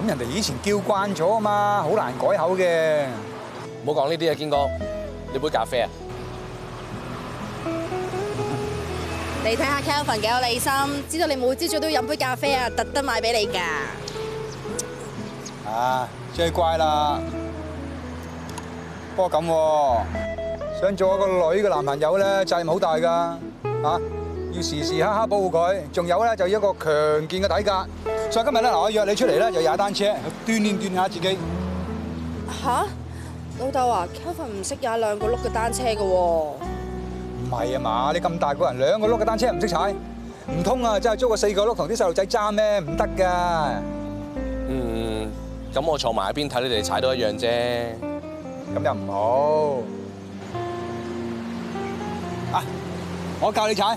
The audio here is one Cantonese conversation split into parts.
咁人哋以前叫慣咗啊嘛，好難改口嘅。唔好講呢啲啊，堅哥，你杯咖啡啊。你睇下 Kevin 幾有耐心，知道你每朝早都要飲杯咖啡啊，特登買俾你噶。啊，最乖啦。不過咁，想做一個女嘅男朋友咧，責任好大噶，嚇。要時時刻刻保護佢，仲有咧就要一個強健嘅體格。所以今日咧，嗱，我約你出嚟，咧就踩單車，鍛煉鍛煉下自己。吓，老豆啊，Kevin 唔識踩兩個轆嘅單車嘅喎。唔係啊嘛，你咁大個人，兩個轆嘅單車唔識踩，唔通啊，真係租個四個轆同啲細路仔爭咩？唔得噶。嗯，咁我坐埋一邊睇，你哋踩都一樣啫。咁又唔好。啊，我教你踩。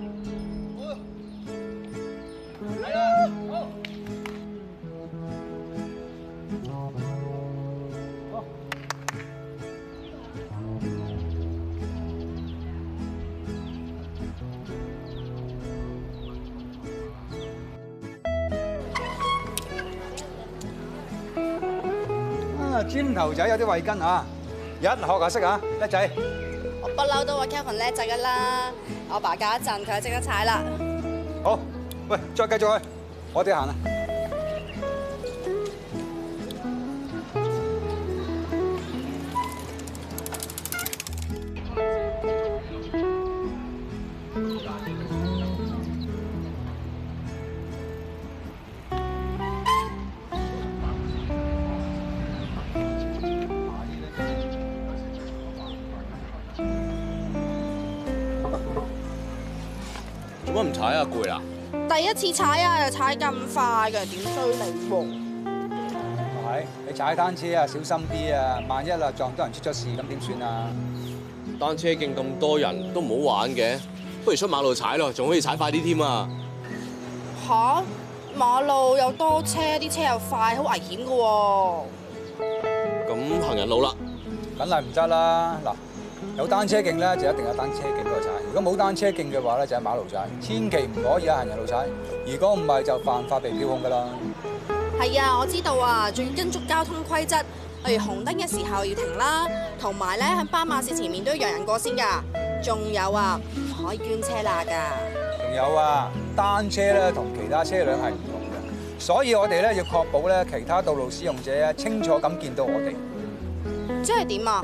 尖頭仔有啲畏巾啊，一學下識啊，叻仔。我不嬲都話 Kevin 叻仔㗎啦，我爸隔一陣佢就即刻踩啦。好，喂，再繼續去，我哋行啦。我唔踩啊，攰啦！第一次踩啊，又踩咁快嘅，點衰？你夢？係，你踩單車啊，小心啲啊，萬一啊撞到人出咗事，咁點算啊？單車徑咁多人都唔好玩嘅，不如出馬路踩咯，仲可以踩快啲添啊！吓、啊，馬路又多車，啲車又快，好危險噶、啊！咁行人路啦，梗係唔得啦，嗱。有單車徑咧，就一定有單車徑嘅踩；如果冇單車徑嘅話咧，就係馬路踩，千祈唔可以啊，行人路踩，如果唔係就犯法被標控噶啦。係啊，我知道啊，仲要跟足交通規則，例如紅燈嘅時候要停啦，同埋咧喺斑馬線前面都要讓人過先噶。仲有啊，唔可以捐車喇噶。仲有啊，單車咧同其他車輛係唔同嘅，所以我哋咧要確保咧其他道路使用者啊清楚咁見到我哋。即係點啊？